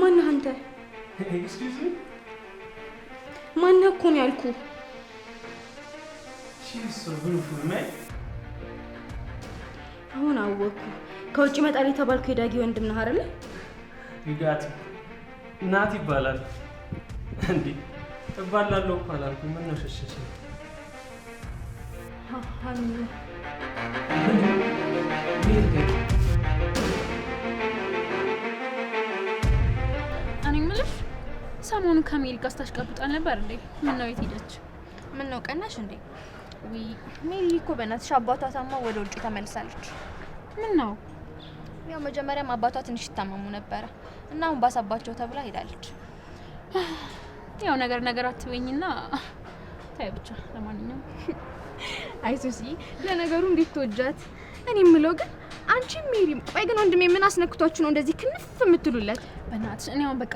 ማነህ አንተ? ማነህ እኮ ነው ያልኩህ። አሁን አወኩ። ከውጭ መጣል የተባልኩ የዳጊ ወንድም ነህ አይደለ? ይጋት ናት ይባላል። እንዴ እባላለሁ እኮ አላልኩም። ምን ነው ሸሸሽ? ሀ ሰሞኑ ከሜሪ ጋር ስታሽቀብጣል ነበር እንዴ? ምን ነው የት ሄደች? ምን ነው ቀናሽ እንዴ? ውይ ሜሪ እኮ በእናትሽ አባቷ ታማ ወደ ውጭ ተመልሳለች። ምን ነው? ያው መጀመሪያም አባቷ ትንሽ ይታመሙ ነበረ እና አሁን ባሳባቸው ተብላ ሄዳለች። ያው ነገር ነገር አትበኝና ታይ ብቻ። ለማንኛውም አይሱሲ ለነገሩ እንዴት ተወጃት። እኔ የምለው ግን አንቺ ሜሪም፣ ቆይ ግን ወንድሜ ምን አስነክቷችሁ ነው እንደዚህ ክንፍ የምትሉለት? በእናትሽ እኔ አሁን በቃ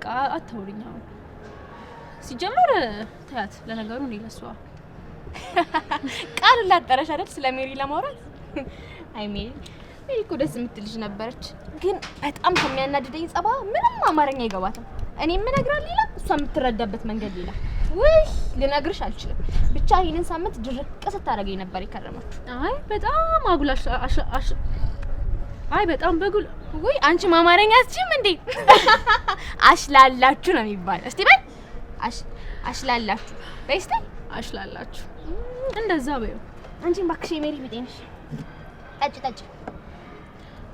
በቃ ሲጀምር አሁን ሲጀመር ታያት። ለነገሩ እኔ ለሷ ቃል ላጠረሽ አይደል? ስለ ሜሪ ለማውራት አይ ሜሪ ሜሪ እኮ ደስ የምትልሽ ነበረች፣ ግን በጣም ከሚያናድደኝ ጸባ ምንም አማርኛ አይገባትም። እኔ የምነግራት ሌላ፣ እሷ የምትረዳበት መንገድ ሌላ። ውይ ልነግርሽ አልችልም። ብቻ ይህንን ሳምንት ድርቅ ስታደርገኝ ነበር የከረመችው። አይ በጣም አጉል አይ በጣም በጉል ወይ አንቺ ማማረኛ አትችም እንዴ? አሽላላችሁ ነው የሚባል። እስቲ በይ አሽ አሽላላችሁ በይ እስቲ አሽላላችሁ። እንደዛ በይ። አንቺ እባክሽ የሜሪ ቢጤንሽ ጠጭ ጠጭ።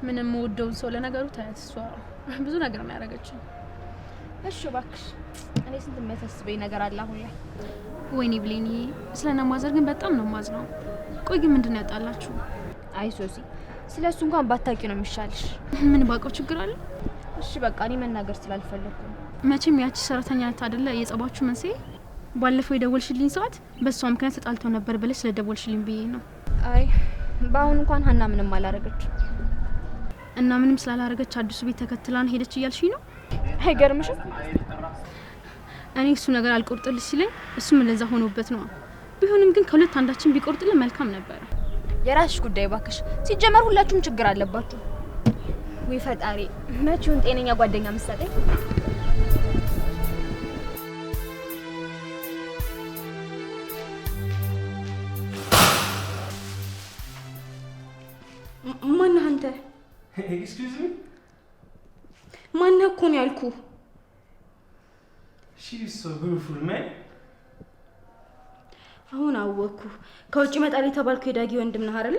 ምንም ወደውን ሰው ለነገሩ ታያት፣ እሷ ብዙ ነገር ነው ያደረገችው። እሺ እባክሽ እኔ ስንት የሚያሳስበኝ ነገር አለ አሁን ላይ። ወይኔ ብሌን፣ ይሄ ማዘር ግን በጣም ነው ማዝነው። ቆይ ግን ምንድን ነው ያጣላችሁ? አይ ሶሲ ስለ እሱ እንኳን ባታቂ ነው የሚሻልሽ። ምን ባቀው ችግር አለ? እሺ በቃ እኔ መናገር ስላልፈለግኩ መቼም ያቺ ሰራተኛ ነት አደለ የጸባችሁ መንስኤ። ባለፈው የደወልሽልኝ ሰዓት በእሷ ምክንያት ተጣልተው ነበር ብለሽ ስለ ደወልሽልኝ ብዬ ነው። አይ በአሁኑ እንኳን ሀና ምንም አላረገች እና ምንም ስላላረገች አዲሱ ቤት ተከትላን ሄደች እያልሽኝ ነው? አይገርምሽም? እኔ እሱ ነገር አልቆርጥልሽ ሲለኝ እሱም ለዛ ሆኖበት ነው። ቢሆንም ግን ከሁለት አንዳችን ቢቆርጥልን መልካም ነበረ። የራስሽ ጉዳይ ባክሽ። ሲጀመር ሁላችሁም ችግር አለባችሁ። ወይ ፈጣሪ፣ መቼውን ጤነኛ ጓደኛ መሰጠኝ። ማን አንተ? ኤክስኪውዝ ሚ ማነህ እኮ ነው ያልኩህ። ሺ ኢዝ ሶ ቢዩቲፉል ማን አሁን አወኩ። ከውጭ መጣል የተባልኩ የዳጊ ወንድም ነህ አይደለ?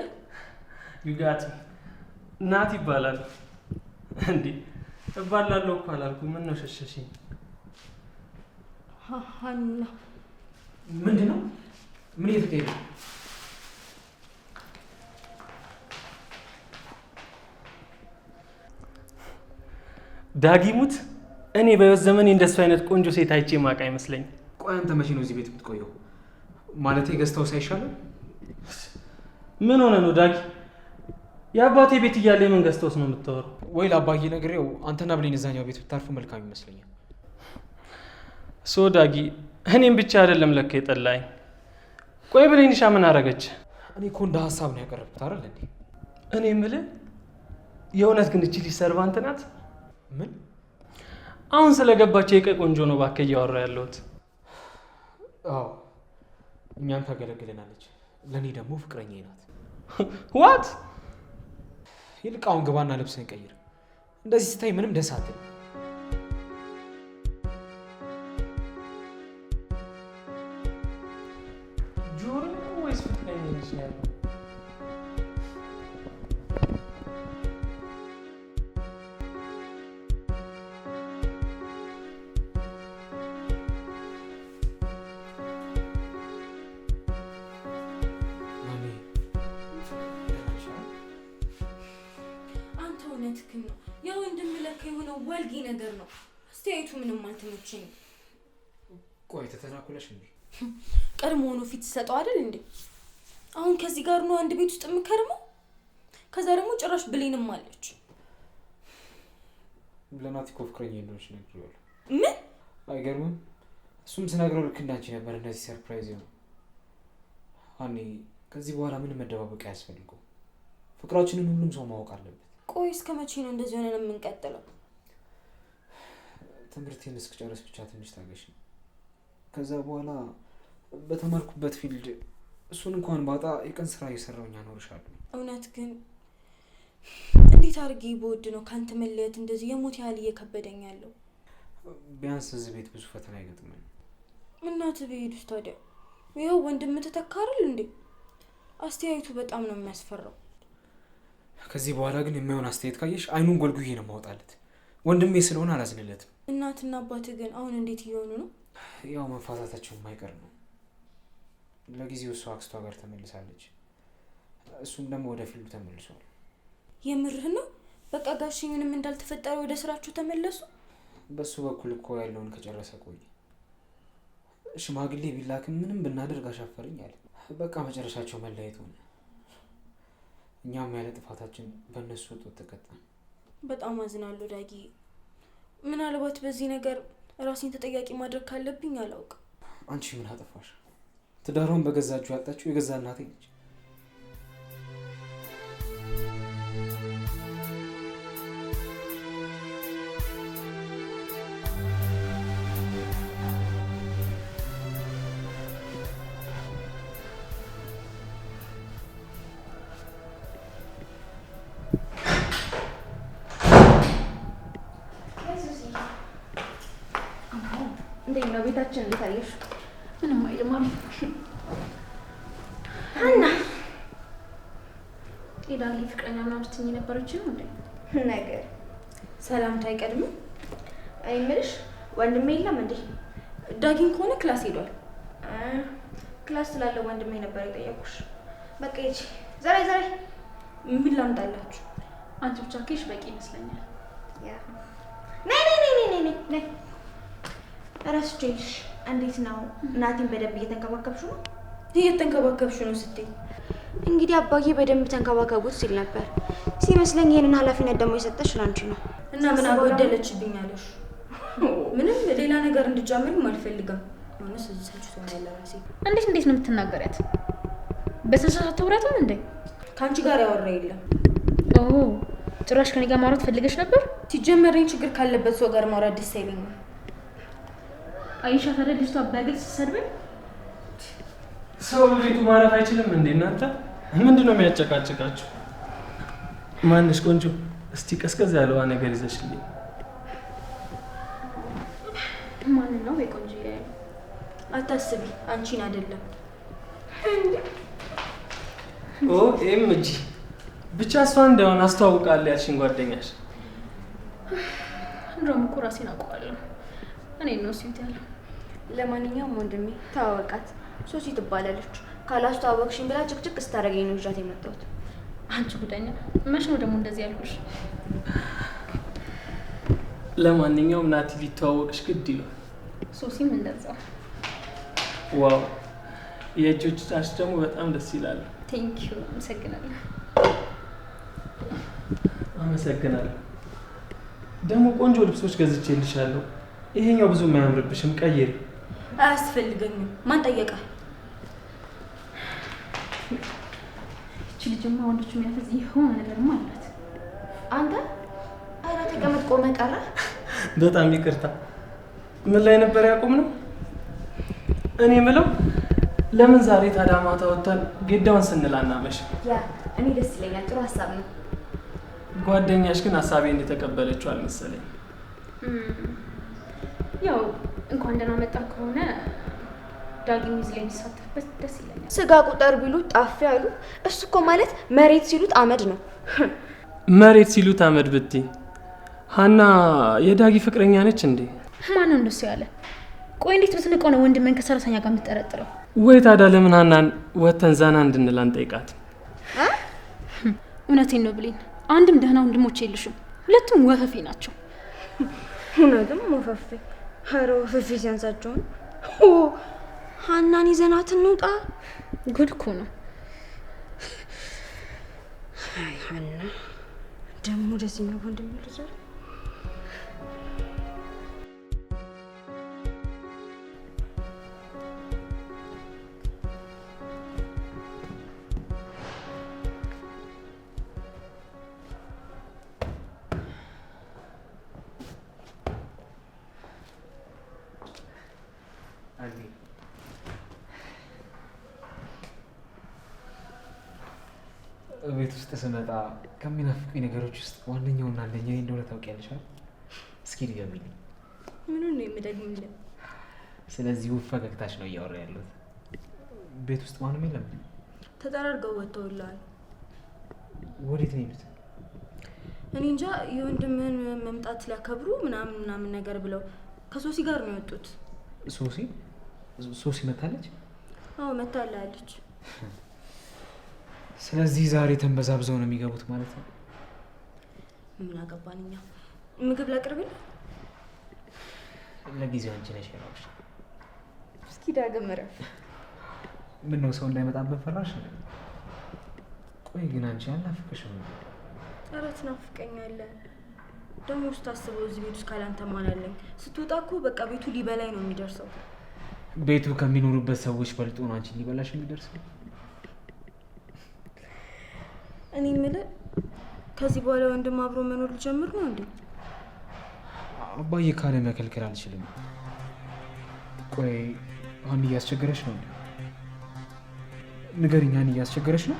ዩጋት ናት ይባላል እንዴ? እባላለሁ እኮ አላልኩ። ምን ነው ሸሸሽኝ? ሀና ምንድን ነው? ምን እየተካሄደ ዳጊሙት እኔ በህይወት ዘመኔ እንደሱ አይነት ቆንጆ ሴት አይቼ ማቅ አይመስለኝ ቆይ አንተ መቼ ነው እዚህ ቤት የምትቆየው? ማለት ገዝተው ሳይሻለው ምን ሆነ ነው ዳጊ? የአባቴ ቤት እያለ የምን ገዝተውስ ነው የምታወራው? ወይ ለአባዬ ነግሬው አንተና ብሌን እዛኛው ቤት ብታርፉ መልካም ይመስለኛል። ሶ ዳጊ፣ እኔም ብቻ አይደለም ለካ የጠላኝ። ቆይ ብሌንሻ ምን አረገች? እኔ እኮ እንደ ሀሳብ ነው ያቀረብኩት አይደል እንዴ? እኔ የእውነት ግን እቺ ሊሰርቫንት ናት? ምን አሁን ስለገባቸው የቀይ ቆንጆ ነው ባከ እያወራ ያለሁት። አዎ እኛን ታገለግለናለች። ለእኔ ደግሞ ፍቅረኛ ናት። ዋት ይልቅ አሁን ግባና ልብስን ቀይር። እንደዚህ ስታይ ምንም ደስ አትልም። ስትሰጠው አይደል እንዴ? አሁን ከዚህ ጋር ነው አንድ ቤት ውስጥ የምከርመው። ከዛ ደግሞ ጭራሽ ብሌንም አለች። ለናቲ እኮ ፍቅረኛ የለሽ ነግሬዋለሁ። ምን አይገርምም? እሱም ስነግረው ልክ እንዳንቺ ነበር እንደዚህ ሰርፕራይዝ ነው። አኒ ከዚህ በኋላ ምንም መደባበቅ አያስፈልገው። ፍቅራችንን ሁሉም ሰው ማወቅ አለበት። ቆይ እስከ መቼ ነው እንደዚህ ሆነን የምንቀጥለው? ትምህርቴን እስክጨርስ ብቻ ትንሽ ታገሽ ነው ከዛ በኋላ በተማርኩበት ፊልድ እሱን እንኳን ባጣ የቀን ስራ እየሰራሁኝ አኖርሻለሁ። እውነት ግን እንዴት አድርጌ በወድ ነው ከአንተ መለየት እንደዚህ የሞት ያህል እየከበደኝ ያለው። ቢያንስ እዚህ ቤት ብዙ ፈተና አይገጥመን። እናት ብሄድስ ታዲያ ይኸው ወንድም ተተካርል እንዴ? አስተያየቱ በጣም ነው የሚያስፈራው። ከዚህ በኋላ ግን የሚሆን አስተያየት ካየሽ አይኑን ጎልጉዬ ነው ማውጣለት። ወንድሜ ስለሆነ አላዝንለትም። እናትና አባት ግን አሁን እንዴት እየሆኑ ነው? ያው መፋታታቸው የማይቀር ነው። ለጊዜው እሷ አክስቷ ጋር ተመልሳለች። እሱም ደግሞ ወደ ፊልዱ ተመልሷል። የምርህ ነው? በቃ ጋሽ ምንም እንዳልተፈጠረ ወደ ስራችሁ ተመለሱ። በሱ በኩል እኮ ያለውን ከጨረሰ ቆይ ሽማግሌ ቢላክም ምንም ብናደርግ አሻፈረኝ አለ። በቃ መጨረሻቸው መለየት ሆነ። እኛም ያለ ጥፋታችን በእነሱ ወጥ ተቀጣ። በጣም አዝናለሁ ዳጊ። ምናልባት በዚህ ነገር ራሴን ተጠያቂ ማድረግ ካለብኝ አላውቅም። አንቺ ምን አጠፋሽ? ትዳሯን በገዛችሁ ያጣችሁ የገዛ እናቴ ነች። ቤታችን እንዴት አየሽው? ይልማል እና ሌላሌ ፍቅረኛ ና ምርትኝ የነበረችን እንደ ነገር ሰላምታ አይቀድምም። እኔ ወንድሜ የለም እንዴ? ዳጊን ከሆነ ክላስ ሄዷል። ክላስ ስላለው ወንድሜ ነበር የጠየኩሽ። በቃ ይቺ ዛሬ ዛሬ ምን ላምጣላችሁ? አንቺ ብቻ ኬሽ በቂ ይመስለኛል። ነይ ነይ ነይ ነይ ነይ ነይ ረስቼልሽ እንዴት ነው እናቴን በደንብ እየተንከባከብሹ ነው? እየተንከባከብሹ ነው ስትይ እንግዲህ አባዬ በደንብ ተንከባከቡት ሲል ነበር ሲመስለኝ። ይህንን ኃላፊነት ደግሞ የሰጠሽ ላንቺ ነው እና ምን አጎደለችብኝ አለሽ? ምንም ሌላ ነገር እንድጫመርም አልፈልግም። እንዴት እንዴት ነው የምትናገሪያት? በስንሰት ተውራትም እንዴ ከአንቺ ጋር ያወራ የለም። ጭራሽ ከኔ ጋር ማውራት ፈልገሽ ነበር? ሲጀመረኝ ችግር ካለበት ሰው ጋር ማውራት ደስ አይለኝም። አይሻ ተረድስቷ በግልጽ ሰድበኝ። ሰው ቤቱ ማረፍ አይችልም እንዴ? እናንተ ምንድን ነው የሚያጨቃጭቃችሁ? ማንሽ ቆንጆ፣ እስቲ ቀዝቀዝ ያለዋ ነገር ይዘሽልኝ። ማን ነው ወይ? ቆንጆ አታስቢ፣ አንቺን አይደለም። ኦ ኤም እጂ ብቻ እሷ እንዳይሆን አስተዋውቃለሁ ያልሽኝ ጓደኛሽ። እንደውም እኮ ራሴን አውቀዋለሁ እኔ ነው ሲት ያለው ለማንኛውም ወንድሜ ተዋወቃት፣ ሶሲ ትባላለች። ካላስተዋወቅሽኝ ብላ ጭቅጭቅ ስታደርገኝ ነው ይዣት የመጣሁት። አንቺ ጉዳኛ፣ መች ነው ደግሞ እንደዚህ ያልኩሽ? ለማንኛውም ናቲ ሊተዋወቅሽ ግድ ይሏል። ሶሲም እንደዛው። ዋው የእጆች ጫሽ ደግሞ በጣም ደስ ይላል። ቴንክ ዩ አመሰግናለሁ። አመሰግናለሁ። ደግሞ ቆንጆ ልብሶች ገዝቼልሻለሁ። ይሄኛው ብዙ አያምርብሽም፣ ቀይሪ አያስፈልገኝም። ማን ጠየቀ? እቺ ልጅማ ወንዶች የሚያፈዝ የሆነ ነገርማ አላት። አንተ ኧረ ተቀመጥ፣ ቆመ ቀረህ። በጣም ይቅርታ። ምን ላይ ነበር ያቆም ነው? እኔ ምለው ለምን ዛሬ ታዲያ ማታ ወጥተን ግዳውን ስንላና መሽ? ያ እኔ ደስ ይለኛል። ጥሩ ሀሳብ ነው። ጓደኛሽ ግን ሀሳቤ እንደተቀበለችው አልመሰለኝ። ያው እንኳን ደህና ከሆነ ዳግም ላይ የሚሳተፍበት ደስ ይለኛል። ስጋ ቁጠር ቢሉት ጣፊ አሉ። እሱ እኮ ማለት መሬት ሲሉት አመድ ነው። መሬት ሲሉት አመድ ብቲ ሀና የዳጊ ፍቅረኛ ነች እንዴ? ማን ነው እንደሱ ያለ? ቆይ እንዴት ብትንቀው ነው ወንድምን ከሰራተኛ ጋር የምትጠረጥረው? ወይ ታዲያ ለምን ሀናን ወተን ዛና እንድንል አንጠይቃት? እውነቴን ነው ብሌን፣ አንድም ደህና ወንድሞች የልሹም? ሁለቱም ወፈፌ ናቸው። እውነትም ወፈፌ ኧረ ወፍፊ ሲያንሳቸውን ሀናን ይዘናት እንውጣ። ጉድ እኮ ነው። አይ ሀና ደግሞ ደስ የሚል ወንድም ስመጣ ከሚናፍቁኝ ነገሮች ውስጥ ዋነኛውና አንደኛ እንደሆነ ታውቂያለሽ። እስኪ ድገሚልኝ። ምኑን ነው የምደግምልህ? ስለዚህ ውብ ፈገግታሽ ነው እያወራ ያሉት። ቤት ውስጥ ማንም የለም። ተጠራርገው ወጥተውላል ወዴት ነው የሄዱት? እኔ እንጃ። የወንድምህን መምጣት ሊያከብሩ ምናምን ምናምን ነገር ብለው ከሶሲ ጋር ነው የወጡት። ሶሲ ሶሲ መታለች? አዎ መታላለች። ስለዚህ ዛሬ ተንበዛብዘው ነው የሚገቡት ማለት ነው። ምን አገባን እኛ። ምግብ ላቅርብል? ለጊዜው አንቺ ነሽ ነው። እስኪ ዳግም እረፍ። ነው ሰው እንዳይመጣበት ፈራሽ? ቆይ ግን አንቺ አልናፍቅሽም? ኧረ ትናፍቀኛለህ። ደግሞ ውስጥ አስበው እዚህ ቤት ውስጥ ካላንተ ማን አለኝ። ስትወጣ እኮ በቃ ቤቱ ሊበላኝ ነው የሚደርሰው። ቤቱ ከሚኖሩበት ሰዎች በልጦ ነው አንቺ ሊበላሽ የሚደርሰው። እኔ የምልህ ከዚህ በኋላ ወንድም አብሮ መኖር ልጀምር ነው እንዴ? አባዬ ካለ መከልከል አልችልም። ቆይ አሁን እያስቸገረች ነው እንዴ? ንገሪኝ፣ አሁን እያስቸገረች ነው?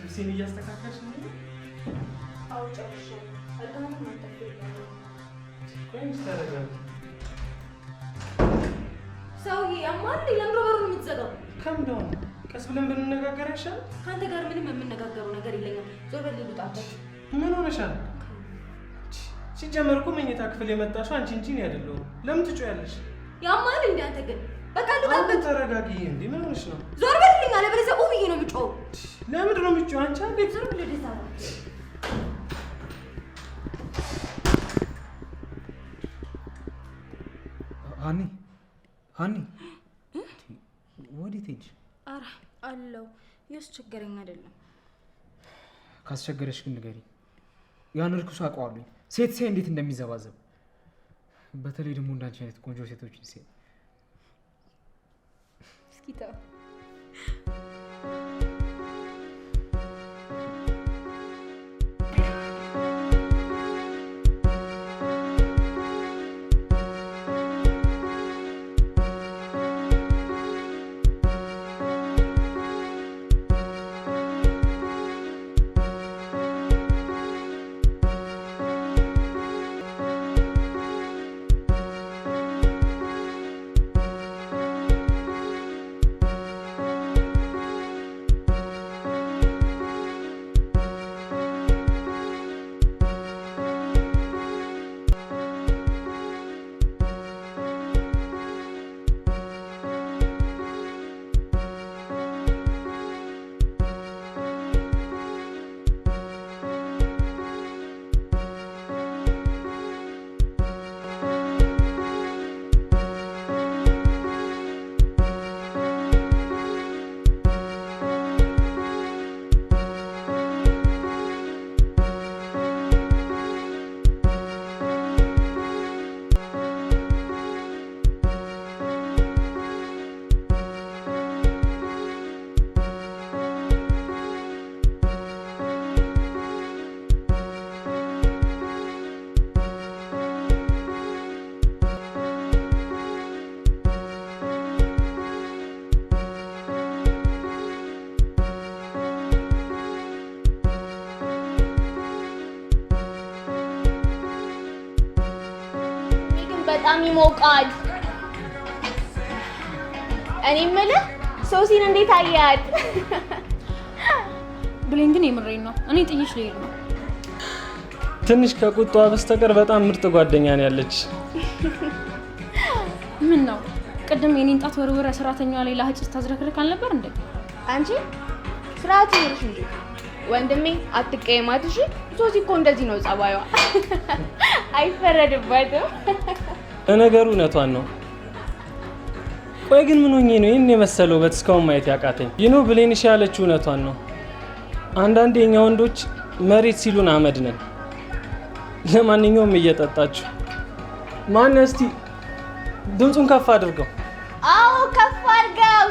ልብሴን እያስተካከል ብንነጋገር ከአንተ ጋር ምንም የምነጋገረው ነገር የለኝም። ዞር በል ልውጣበት። ምን ሆነሻል? ሲጀመር እኮ መኝታ ክፍል የመጣሽው አንቺ እንጂ እኔ አይደለሁም። ለምን ትጮያለሽ? ያማል አንተ ግን በቃ ልውጣበት። ተረጋጊ። ምን ሆነሽ ነው? ዞር በልልኝ፣ አለበለዚያ ኡ ብዬ ነው ለምንድን ነው አንቺ አንዴ ዞር ሀኒ ሀኒ ወዴት አለው ያስቸገረኝ አይደለም። ካስቸገረሽ ግን ንገሪኝ። ያን እርኩስ አውቀዋለሁ። ሴት ሳይ እንዴት እንደሚዘባዘብ በተለይ ደግሞ እንዳንቺ አይነት ቆንጆ ሴቶችን ሳይ እስኪ በጣም ይሞቃል። እኔ የምልህ ሶሲን እንዴት አያት? ብሌን ግን የምሬን ነው። እኔ ጥይሽ ልሄድ ነው። ትንሽ ከቁጧ በስተቀር በጣም ምርጥ ጓደኛ ነው ያለች። ምን ነው ቅድም የኔን ጣት ወርወረ ሰራተኛዋ ላይ ላጭስ ታዝረክርክ አልነበር እንዴ? አንቺ ስርዓት ይርሽ እንጂ ወንድሜ አትቀየማት። እሺ ሶሲ እኮ እንደዚህ ነው ጸባዩዋ፣ አይፈረድባትም። ለነገሩ እውነቷን ነው። ቆይ ግን ምን ሆኜ ነው ይህን የመሰለው ውበት እስካሁን ማየት ያቃተኝ? ይኖ ብሌንሽ ያለችው እውነቷን ነው። አንዳንድ የኛ ወንዶች መሬት ሲሉን አመድ ነን። ለማንኛውም እየጠጣችሁ ማን እስቲ ድምፁን ከፍ አድርገው። አዎ ከፍ አድርገው።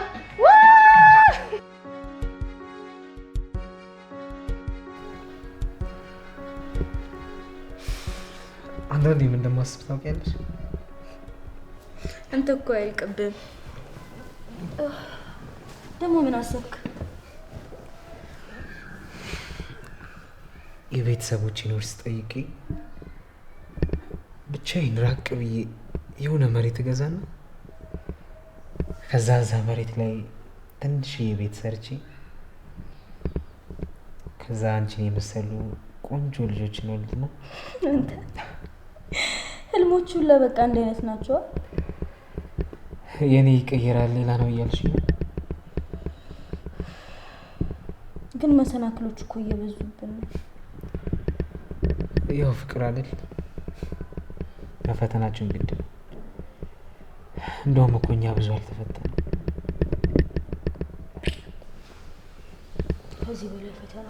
አንዳንዴ ምን እንደማስብ ታውቂያለሽ? አንተ እኮ አይልቅብም። ደግሞ ምን አሰብክ? የቤተሰቦች ኖር ስጠይቄ ብቻዬን ራቅ ብዬ የሆነ መሬት እገዛና ከዛ እዛ መሬት ላይ ትንሽዬ ቤት ሰርቼ ከዛ አንቺን የመሰሉ ቆንጆ ልጆችን ወልድና ህልሞቹን በቃ አንድ አይነት ናቸዋል። የኔ ይቀየራል ሌላ ነው እያልሽ ነው። ግን መሰናክሎች እኮ እየበዙብን ነው። ያው ፍቅር አለል መፈተናችን ግድ ነው። እንደውም እኮ እኛ ብዙ አልተፈተነ ከዚህ በላይ ፈተና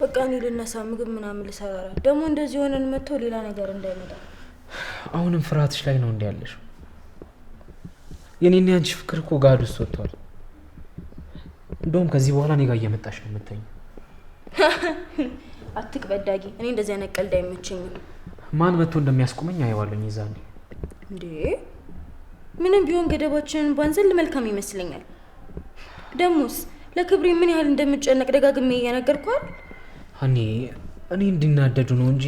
በቃ እኔ ልነሳ፣ ምግብ ምናምን ልሰራራ ደግሞ እንደዚህ ሆነን መጥቶ ሌላ ነገር እንዳይመጣ አሁንም ፍርሃትሽ ላይ ነው እንዲ የኔና ያንቺ ፍቅር እኮ ጋድ ውስጥ ወጥቷል። እንደውም ከዚህ በኋላ እኔ ጋር እየመጣሽ ነው የምተኝ። አትክ በዳጊ፣ እኔ እንደዚህ አይነት ቀልድ አይመቸኝም። ማን መጥቶ እንደሚያስቆመኝ አየዋለኝ። ይዛኔ እንዴ ምንም ቢሆን ገደባችንን ባንዘል መልካም ይመስለኛል። ደሞስ ለክብሬ ምን ያህል እንደምጨነቅ ደጋግሜ እየነገርኳል። እኔ እኔ እንዲናደዱ ነው እንጂ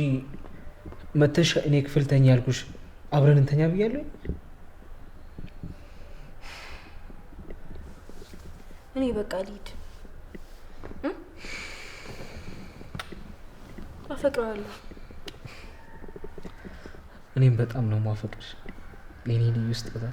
መተሻ እኔ ክፍል ተኛ ያልኩሽ አብረን እንተኛ ብያለኝ እኔ በቃ ልሂድ። አፈቅረዋለሁ። እኔም በጣም ነው ማፈቅርሽ የኔ ልዩ ስጦታ።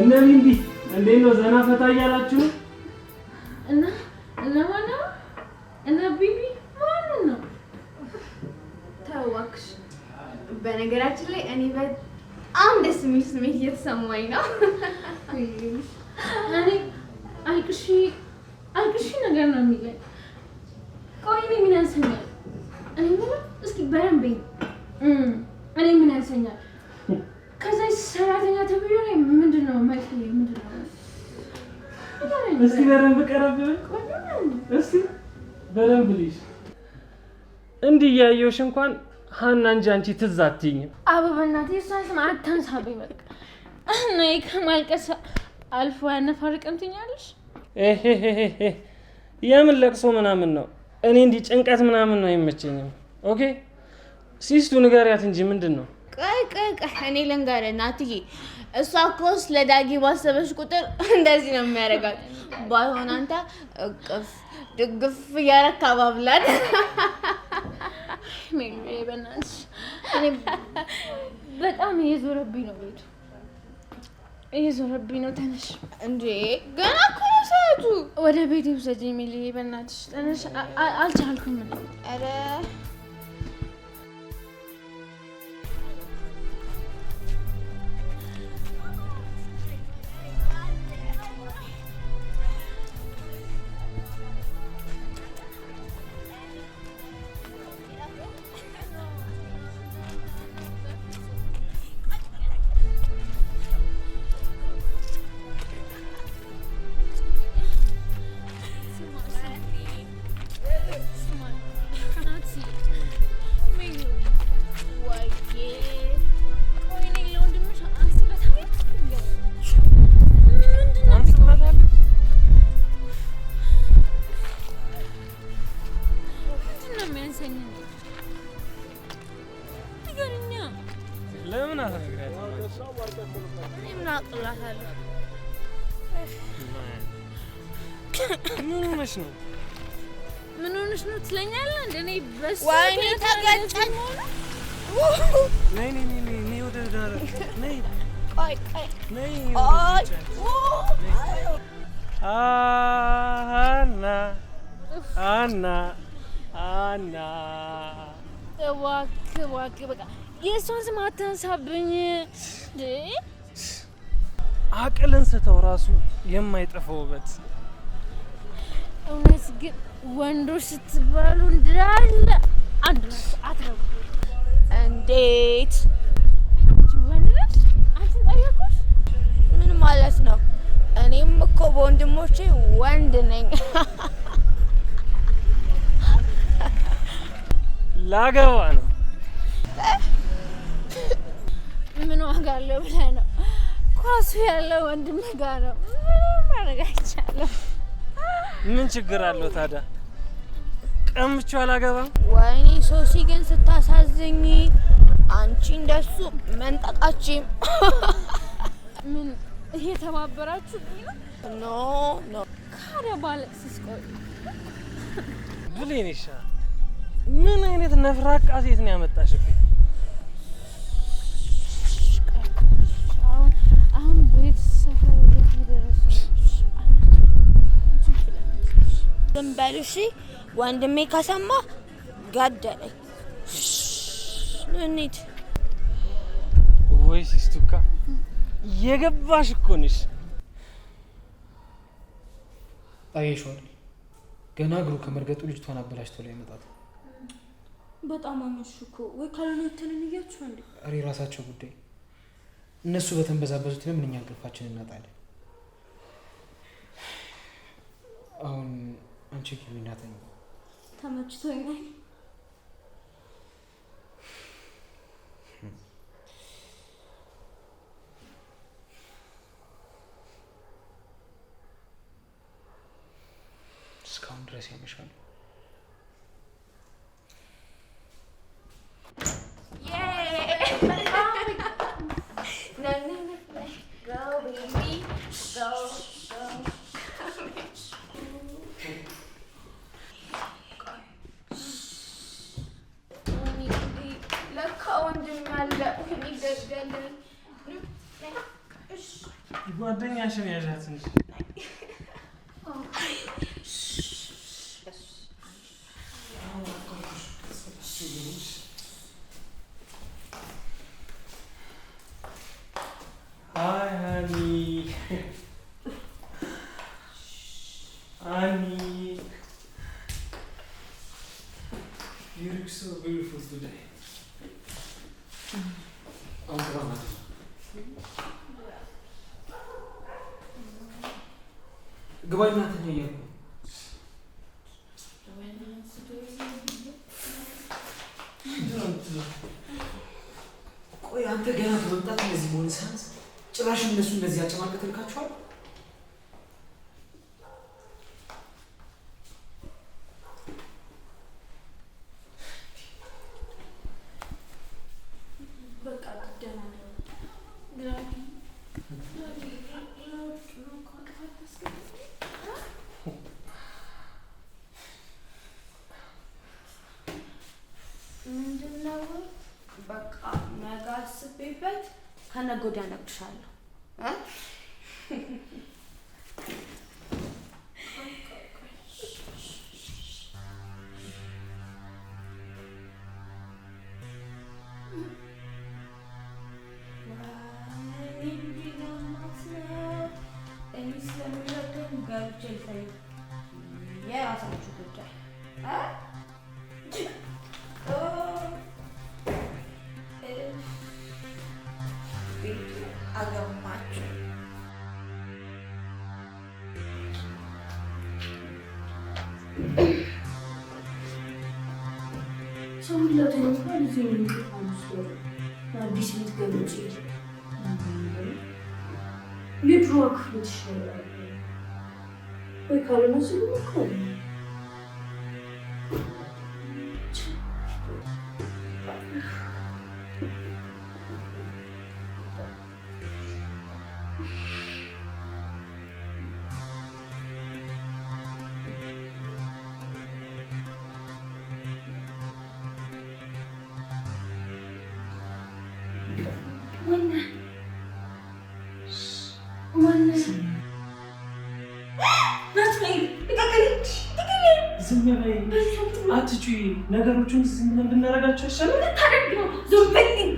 እና ሚንዲ እንዴት ነው? ዘና ፈታ እያላችሁ እና እና ማና እና ቢቢ ማንን ነው? ተው እባክሽ። በነገራችን ላይ እኔ በጣም ደስ የሚል ስሜት እየተሰማኝ ነው። እኔ አልቅሺ አልቅሺ ነገር ነው የሚለኝ። ቆይ እኔ ምን ያንሰኛል? እኔ ምን እስኪ በደንብ እኔ ምን ያንሰኛል? ከዛ ሰራተኛ ተብዬ ነው ምንድን ነው መ ምንድን ነው? እስቲ በደንብ ቀረብ እስቲ በደንብ ልይሽ። እንዲህ እያየሁሽ እንኳን ሀና እንጂ አንቺ ትዝ አትይኝም። አበበ እናቴ እሷን ስም አታንሳብኝ። በቃ እና ከማልቀስ አልፎ ያነፋርቅም ትኛለሽ። የምን ለቅሶ ምናምን ነው? እኔ እንዲህ ጭንቀት ምናምን ነው አይመቸኝም። ኦኬ ሲስቱ ንገሪያት እንጂ ምንድን ነው ቀይ ቀይ ቀይ እኔ ልንገርህ ናትዬ፣ እሷ እኮ ስለዳጊ ባሰበች ቁጥር እንደዚህ ነው የሚያደርጋት። ባይሆን አንተ እቅፍ ድግፍ እያረክ አባብላት። በጣም እየዞረብኝ ነው ቤቱ እየዞረብኝ ነው። ተነሽ እንዴ! ገና እኮ ነው ሰዓቱ። ወደ ቤት ውሰጅ የሚል በእናትሽ። ተነሽ፣ አልቻልኩም። ኧረ የእሷን ስም አታንሳብኝ። አቅልን ስተው ራሱ የማይጠፋው ውበት እውነት ግን ወንዶች ስትባሉ እንዳለ አንድ ናቸው። አትረቡ። እንዴት ምን ማለት ነው? እኔም እኮ በወንድሞቼ ወንድ ነኝ። ላገባ ነው። ምን ዋጋ አለው ብለህ ነው? ኳሱ ያለው ወንድም ጋ ነው። ምን ማድረግ አይቻልም። ምን ችግር አለው ታዲያ? ቀምቹ አላገባም። ወይኔ ሶሲ ግን ስታሳዝኝ፣ አንቺ እንደሱ መንጠቃችም ምን እየተባበራችሁ ኖ ኖ ካደ ባለቅስስ ቆይ ብሌን ይሻላል። ምን አይነት ነፍራቃ ሴት ነው ያመጣሽብኝ? አሁን አሁን ቤት ሰፈር ቤት ደረሱ ዝም በል እሺ። ወንድሜ ከሰማ ገደለኝ። እንሂድ። ወይ ሲስቱካ የገባሽ እኮ ነሽ። አየሽዋል። ገና እግሩ ከመርገጡ ልጅቷን አበላሽቶ ላይ መጣት በጣም አመሽ እኮ ወይ ካልሆነ ተንን እያችሁ እንዴ ሪ ራሳቸው ጉዳይ። እነሱ በተንበዛበዙት ለምን እኛ እንቅልፋችን እናጣለን? አሁን And she gave me nothing. 他们最爱你。Scoundrels, hmm. I'm sure. Yay! no, no, no. Go, baby. Go. dynia się nie rzecz. ግባኝ እናትህ ነው ቆይ አንተ ገና በመምጣት እንደዚህ መሆን ሳያንስ ጭራሽ እነሱ እንደዚህ ያጨማልቅ ትልካችኋል Yok bir şey. Bir karın acılı mı kalır? አንቺ ነገሮቹን ዝም ብናረጋቸው ይሻላል። ታደርግ ነው ዞር በልኝ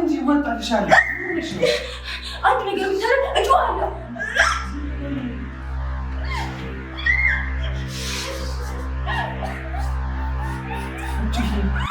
እንጂ ይወጣልሻል